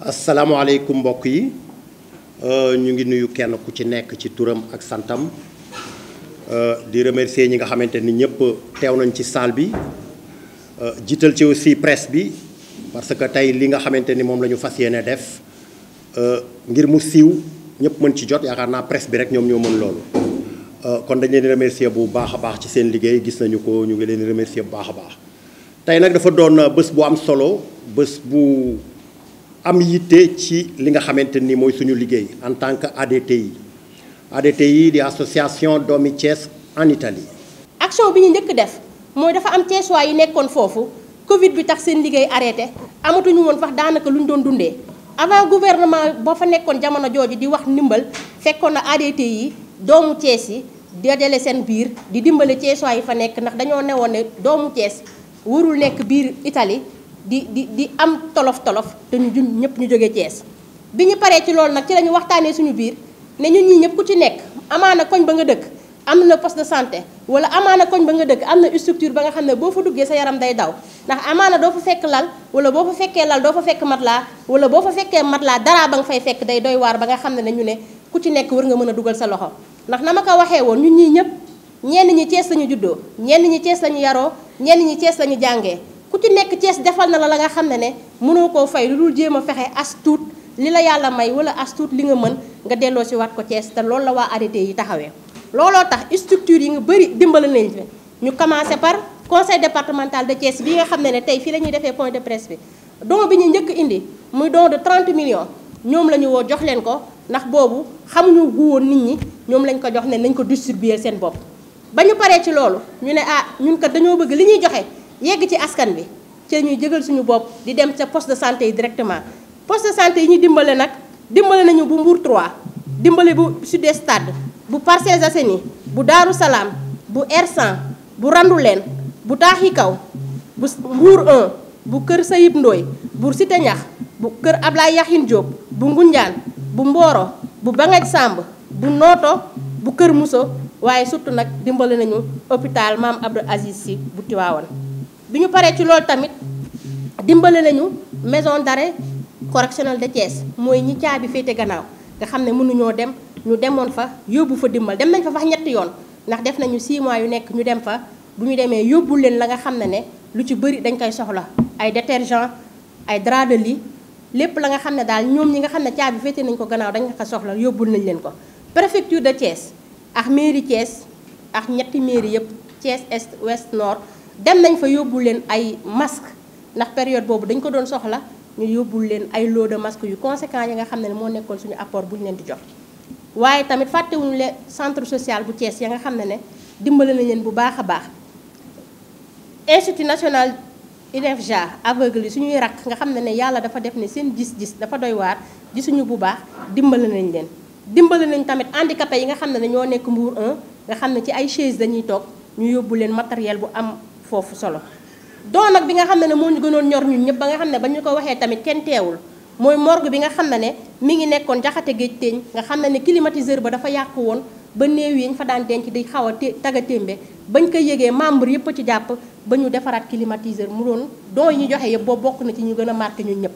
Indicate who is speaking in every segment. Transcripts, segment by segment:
Speaker 1: Assalamualaikum mbokk yi euh, ñu ngi nuyu kenn ku ci nekk ci ak santam euh, di remercier ñi nga xamante ni ñëpp cissalbi nañ ci salle bi euh, jiital ci aussi presse bi parce que tey li nga xamante ni moom la ñu fas ngir mu siiw ñëpp mën ci jot yaakaar presse bi rek ñoom ñoo mën kon dañ leen remercier bu bah bah baax ci seen liggéey gis nañu ko ñu ngi leen remercier bu baax a baax tey nag dafa doon bu am solo bus bu am yitte ci li nga xamante ni mooy suñu liggéey en tant que ADTI ADTI di association doomi Thiès en Italie.
Speaker 2: action bi ñu njëkk def mooy dafa am Thiessois yi nekkoon foofu Covid bi tax seen liggéey arrêté amatuñu woon wax daanaka luñ doon dundee avant gouvernement boo fa nekkoon jamono jooju di wax ndimbal fekkoon na yi doomu Thiès yi dajale seen biir di dimbali Thiessois yi fa nekk ndax dañoo newoon ne doomu Thiès warul nekk biir itali di di di am tolof tolof te ñu jun ñëpp ñu jógee cees bi ñu paree ci loolu nag ci la ñu waxtaanee suñu biir ne ñun ñii ñëpp ku ci nekk amaana koñ ba nga dëkk am na poste de santé wala amaana koñ ba nga dëkk am na structure ba nga xam ne boo fa duggee sa yaram day daw ndax amaana doo fa fekk lal wala boo fa fekkee lal doo fa fekk mat laa wala boo fa fekkee mat laa dara ba nga fay fekk day doy waar ba nga xam ne ne ñu ne ku ci nekk war nga mën a dugal sa loxo ndax na ma ko waxee woon ñun ñii ñëpp ñenn ñi Thiès lañu juddoo ñenn ñi Thiès lañu yaroo ñenn ñi Thiès lañu jàngee ku ci nekk Thiès defal na la la nga xam ne ne mënoo koo fay lu dul jéem a fexe as tuut li la yàlla may wala as li nga mën nga delloo si waat ko cees te loolu la waa arrêté yi taxawee. looloo tax structure yi nga bëri dimbali nañ ñu commencé par conseil départemental de Thiès bi nga xam ne ne tey fii la ñuy defee point de presse bi don bi ñu njëkk indi muy don de 30 millions ñoom la ñu woo jox leen ko ndax boobu xamuñu guwoon nit ñi ñoom lañ ko jox ne nañ ko distribuer seen bopp. ba ñu paree ci loolu ñu ne ah ñun ko dañoo bëgg li ñuy joxe. yegg ci askan bi ci ñuy jëgal suñu bopp di dem ca poste de santé yi directement poste de santé yi ñu dimbale nag dimbale nañu bu Mbour 3 bu Sud Stade bu bu daru salam, bu R100 bu randulen, bu tahikau, bu Mbour 1 bu ker Sayib doy, bu Cité Ñax bu ker ablayah Yaxin Diop bu Ngunjaan bu mboro bu Bangaj Samb bu noto, bu ker Muso waaye surtout nak dimbale nañu hôpital Maam Abdou Aziz Sy bu Tiwaawan bi ñu paree ci loolu tamit dimbale nañu maison d'arrêt correctionnel de Thiès mooy ñi caabi féete gannaaw nga xam ne mënuñoo dem ñu demoon fa yóbbu fa dimbal dem nañ fa fax ñetti yoon ndax def nañu 6 mois yu nekk ñu dem fa bu ñu demee yóbbu leen la nga xam ne ne lu ci bëri dañ koy soxla ay détergent ay drap de lépp la nga xam ne daal ñoom ñi nga xam ne caabi féete nañ ko gannaaw dañ ko soxla yóbbul nañ leen ko préfecture de Thiès ak mairie Thiès ak ñetti mairie yëpp Thiès est ouest dem nañ fa yóbbu leen ay masque ndax période boobu dañ ko doon soxla ñu yóbbul leen ay lot de masque yu conséquent yi nga xam ne ne moo nekkoon suñu apport bu ñu leen di jox waaye tamit fàttewuñu leen centre social bu Thiès ya nga xam ne ne dimbale nañ leen bu baax a baax institut national INEFJA aveugle yi suñuy rakk nga xam ne ne yàlla dafa def ne seen gis-gis dafa doy waar gisuñu bu dimbale nañ leen dimbale nañ tamit handicapé yi nga xam ne ne ñoo nekk Mbour 1 nga xam ne ci ay chaise dañuy toog ñu yóbbu leen matériel bu am foofu solo don nag bi nga xam ne ne moo ñu gënoon ñor ñun ñëpp ba nga xam ne ba ñu ko waxee tamit kenn teewul mooy morgue bi nga xam ne mi ngi nekkoon jaxate géej teeñ nga xam ne climatiseur ba dafa yàqu woon ba néew yi ñu fa daan denc di xaw a taga témbe bañ ko yëgee membre yëpp a ci jàpp ba ñu defaraat climatiseur mu doon doo yi ñu joxe yëpp boo bokk na ci ñu gën a marqué ñun ñëpp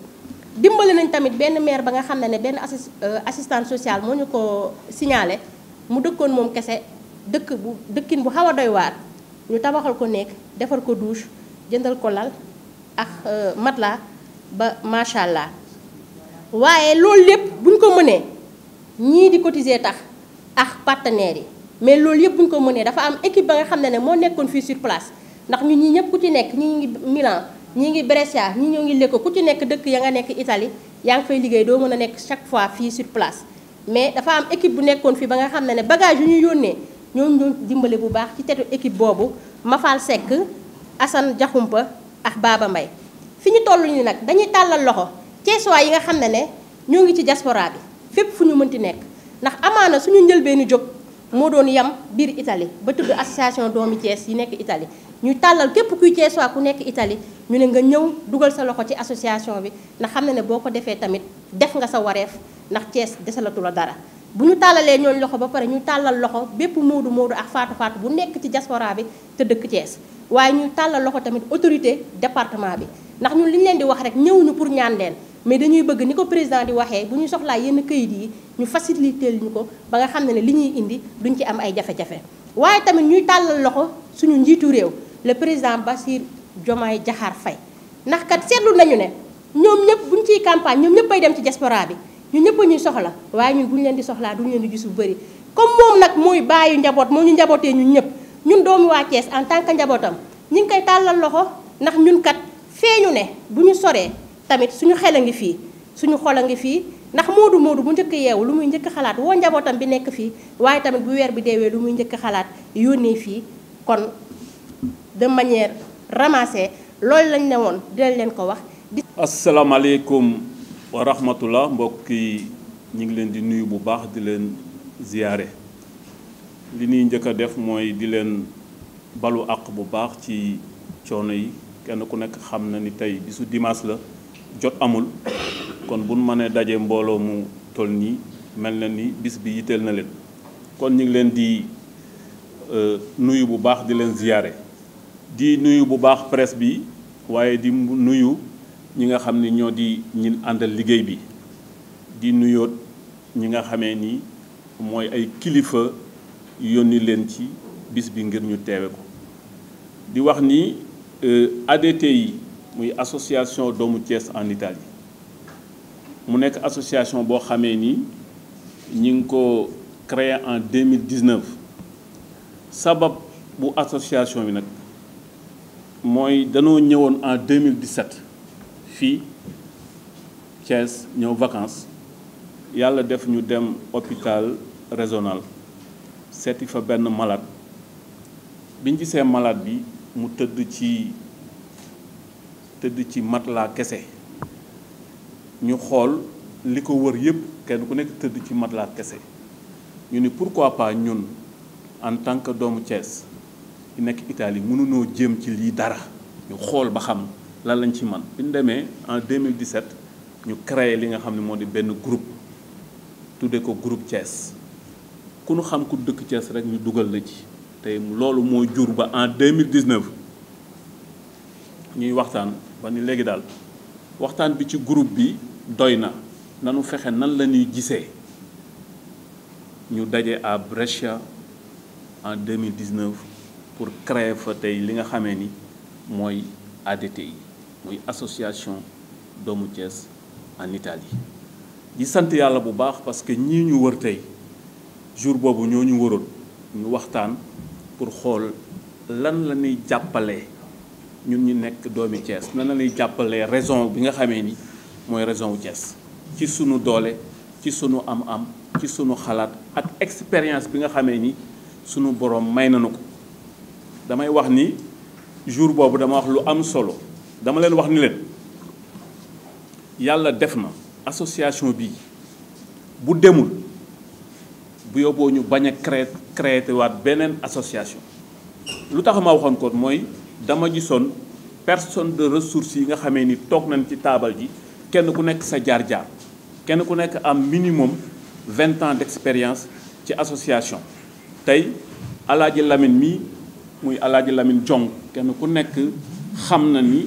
Speaker 2: dimbali nañ tamit benn maire ba nga xam ne ne benn euh, assistant sociale moo ñu ko signalé mu dëkkoon moom kese dëkk bu dëkkin bu xaw a doy ñu tabaxal ko nekk defar ko douche jëndal ko lal ak euh, matla ba machallah allah waaye loolu lépp buñ ko mënee ñii di cotiser tax ak partenaires yi mais loolu yëpp buñ ko mënee dafa am équipe ba nga xam ne ne moo nekkoon fii sur place ndax ñun ñi ñëpp ku ci nekk ñi ngi Milan ñi ngi Brescia ñi ñoo ngi Lecco ku ci nekk dëkk ya nga nekk Italie yaa ngi fay liggéey doo mën a nekk chaque fois fii sur place mais dafa am équipe bu nekkoon fii ba nga xam ne ne bagage yu ñu yónnee ñoo dimbali bu baax ci tetu équipe boobu Mafal Seck Assane Diakhoumpa ak Baba mbay fi ñu toll nii nag dañuy tàllal loxo Ceesuwaa yi nga xam ne ne ñoo ngi ci diaspora bi fépp fu ñu mënti nekk ndax amaana suñu njëlbeenu jóg moo doon yam biir itali ba tudd association doomi Cees yi nekk itali ñu tàllal képp kuy Ceesuwaa ku nekk itali ñu ne nga ñëw dugal sa loxo ci association bi ndax xam ne ne boo ko defee tamit def nga sa wareef ndax Cees desalatu la dara bu ñu tàllalee ñooñu loxo ba pare ñuy tàllal loxo bépp moodu moodu ak faatu faatu bu nekk ci diaspora bi te dëkk Thiès waaye ñu tàllal loxo tamit autorité département bi ndax ñu li ñu leen di wax rek ñëwuñu pour ñaan leen mais dañuy bëgg ni ko président di waxee bu ñu soxlaa yenn këyit yi ñu facilité ñu ko ba nga xam ne ne li ñuy indi duñ ci am ay jafe-jafe waaye tamit ñuy tàllal loxo suñu njiitu réew le président Bassir Diomaye Diakhar Faye ndax kat seetlu nañu ne ñoom ñëpp buñ ciy campagne ñoom ñëpp ay dem ci diaspora bi ñu ñëpp ñuy soxla waaye ñun bu leen di soxlaa duñu leen di gis bu bëri comme moom nag mooy bàyyi njaboot moom ñu njabootee ñun ñëpp ñun doomu waa Thiès en tant que njabootam ñu ngi koy tàllal loxo ndax ñun kat feeñu ne bu ñu tamit suñu xel a fi suñu xol a ngi fii ndax moodu bu njëkk yeewu lu muy njëkk xalaat woo njabootam bi nekk fii waaye tamit bu weer bi deewee lu muy xalaat kon de manière ramassée loolu lañ ne kawah. dinañ leen
Speaker 1: ko wax. wa rahmatullah mbokk yi ñu ngi leen di nuyu bu baax di leen ziyaare li ñuy njëkk a def mooy di leen balu àq bu baax ci coono yi kenn ku nekk xam na ni tey bisu dimanche la jot amul kon buñ ñu mënee daje mbooloo mu toll nii mel na ni bis bi yitteel na leen kon ñu ngi leen di euh, nuyu bu baax di leen ziyaare di nuyu bu baax presse bi waaye di nuyu ñi nga xam ne ñoo di ñin àndal liggéey bi di nuyoot ñi nga xamee ni mooy ay kilifa yónni leen ci bis bi ngir ñu teewe ko di wax ni euh, ADT yi muy association doomu Thiès en Italie mu nekk association boo xamee ni ñi ngi ko créé en 2019 sabab bu association bi nag mooy danoo ñëwoon en 2017 fii Thiès ñëw vacances yàlla def ñu dem hôpital régional seeti fa benn malaat biñ gisee malaat bi mu tëdd ci tëdd ci laa kese ñu xool li ko wër yépp kenn ku nekk tëdd ci matelas kese ñu ni pour pourquoi pas ñun en tant que doomu Thiès yi nekk Italie mënunoo jëm ci lii dara ñu xool ba xam lan lañ ci man en 2017 ñu créé li nga groupe tuddee ko groupe Thiès ku ñu xam ku dëkk rek ñu la ci en 2019 ñuy waxtaan ba ni léegi waxtaan bi ci groupe bi doy na nanu à Brescia en 2019 pour créer fa tey li nga association doomu Thiès en Italie di sant yàlla bu parce que ñii ñu wër tey jour boobu ñoo ñu wëroon ñu waxtaan pour xool lan la ñuy jàppalee ñun ñu nekk doomi Thiès lan la ñuy jàppalee raison bi nga xamee ni Nous raison wu Thiès ci sunu doole ci sunu am-am ci sunu xalaat ak expérience bi nga xamee ni sunu borom may damay wax ni jour dama wax am solo dama leen wax ni leen yàlla def na association bi bu demul bu yóbboo ñu bañ a créer créer waat beneen association lu tax ma waxoon ko mooy dama gisoon personne de ressources yi nga xamee ni toog nañ ci table ji kenn ku nekk sa jaar-jaar kenn ku nekk am minimum vingt ans d'expérience ci association tey Alaaji Lamine mii muy Alaaji Lamine Jong kenn ku nekk xam na ni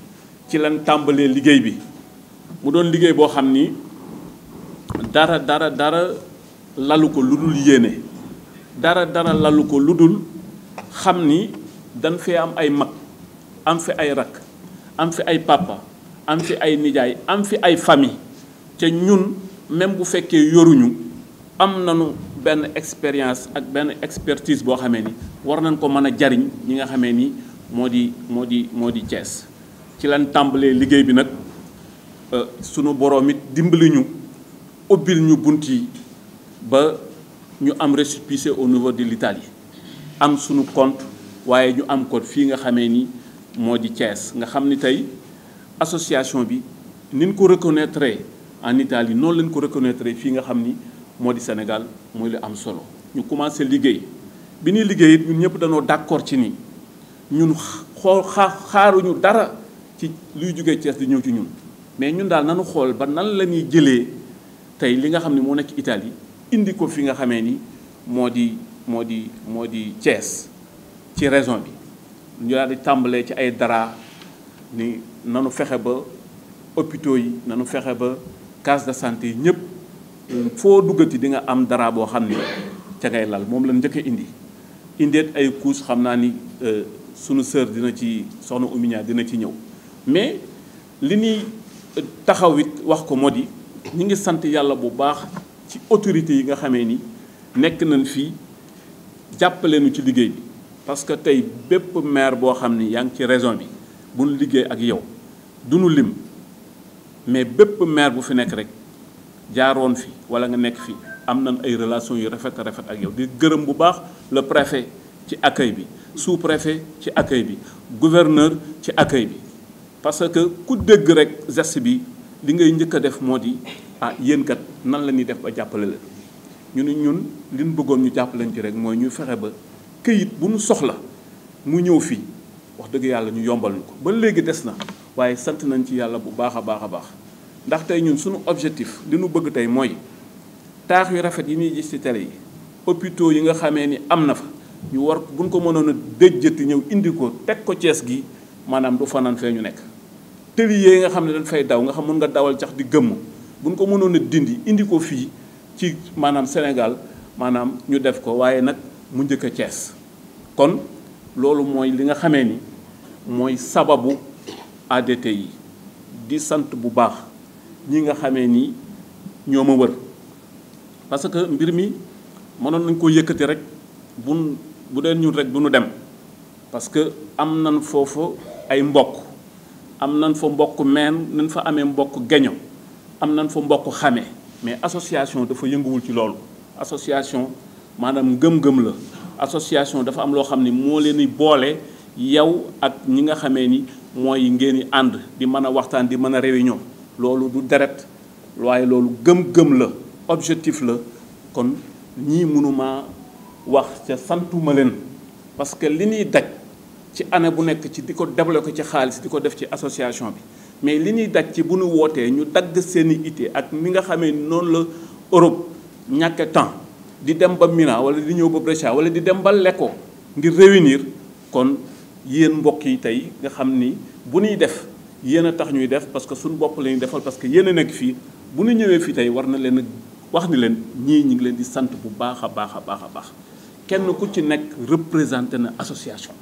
Speaker 1: ci lan tàmbalee liggéey bi mu doon liggéey boo xam ni dara dara dara lalu ko lu dul yéene dara dara lalu ko lu dul xam ni dañ fee am ay mag am fi ay rakk am fi ay papa am fi ay nijaay am fi ay famille te ñun même bu fekkee yoruñu am nañu benn expérience ak benn expertise boo xamee ni war nañ ko mën a jariñ ñi nga xamee ni moo di moo di moo di cees ci lan tàmbalee liggéey bi nag euh, sunu boroom dimbali ñu ubbil ñu bunt yi ba ñu am récépissé au niveau de l'Italie am sunu compte waaye ñu am ko fii nga xamee ni moo di Thiès nga xam ni tey association bi niñ ko reconnaître en Italie noonu leen ko reconnaître fii nga xam ni moo di Sénégal mooy lu am solo ñu commencé liggéey bi ñuy liggéey ñun ñëpp dañoo d'accord ci ni ñun xaaruñu dara ci luy jógee cees di ñëw ci ñun mais ñun daal nanu xool ba nan la ñuy jëlee tey li nga xam ne moo nekk Italie indi ko fi nga xamee ni moo di moo di moo di cees ci raison bi ñu daal di tàmbalee ci ay dara ni nanu fexe ba hôpitaux yi nanu fexe ba case de santé yi ñëpp foo duggati di nga am dara boo xam ni ca ngay lal moom la njëkk a indi indeet ay couches xam naa ni euh, sunu sœur dina ci soxna Oumy dina ci ñëw mais li nuy euh, taxaw it wax ko moo di ñu ngi sant yàlla bu baax ci autorité yi nga xamee ni nekk nañ fii jàppale nu ci liggéey bi parce que tey bépp maire boo xam ni yaa ngi ci région bi bu nu liggéey ak yow du nu lim mais bépp maire bu fi nekk rek jaaroon fi wala nga nekk fi am nañ ay relation yu rafet rafet ak yow di gërëm bu baax le préfet ci accueil bi sous préfet ci accueil bi gouverneur ci accueil bi parce que ku dégg rek geste bi li ngay njëkk a def moo di ah yéen nan la ñuy def ba jàppale la ñu ne ñun li ñu bëggoon ñu jàppalañ ci rek mooy ñu fexe ba këyit bu ñu soxla mu ñëw fii wax dëgg yàlla ñu yombal ñu ko ba léegi des na waaye sant nañ ci yàlla bu baax a baax a baax ndax tey ñun suñu objectif li nu bëgg tey mooy taax yu rafet yi ñuy gis ci télé yi hôpitaux yi nga xamee ni am na fa ñu war buñ ko mënoon a déjjati ñëw indi ko teg ko Cees gi maanaam du fanaan ñu nekk tëli yee nga xam ne dañ fay daw nga xam mën nga dawal cax di gëmm buñ ko mënoon dindi indi ko fii ci maanaam Sénégal maanaam ñu def ko waaye nag mu njëkk a Cees kon loolu mooy li nga xamee ni mooy sababu ADT yi di sant bu baax ñi nga xamee ni ñoo ma wër parce que mbir mi mënoon nañ koo yëkkati rek bun bu dee ñun rek du ñu dem parce que am nañ foofu ay mbokk am nañ fa mbokk meen nañ fa amee mbokk gaño am nañ mbokk xame mais association dafa yënguwul ci loolu association maanaam gëm-gëm la association dafa am loo xam ni moo leen boole yow ak ñi nga xamee ni mooy ngeen di ànd di mën a waxtaan di mën a réunion loolu du deret waaye loolu gëm-gëm la objectif la kon ñii mënuma wax ca santuma leen parce que li ñuy daj ci bu nekk ci développé ci xaalis di def ci association bi mais li ñuy daj ci bu ñu dagg seeni ité ak mi nga la Europe temps di dem ba Mina wala di ñëw ba wala di dem ba ngir kon yéen mbokk yi nga bu def yéen a tax ñuy def parce que suñu bopp la defal parce que a nekk a baax kenn ku ci na association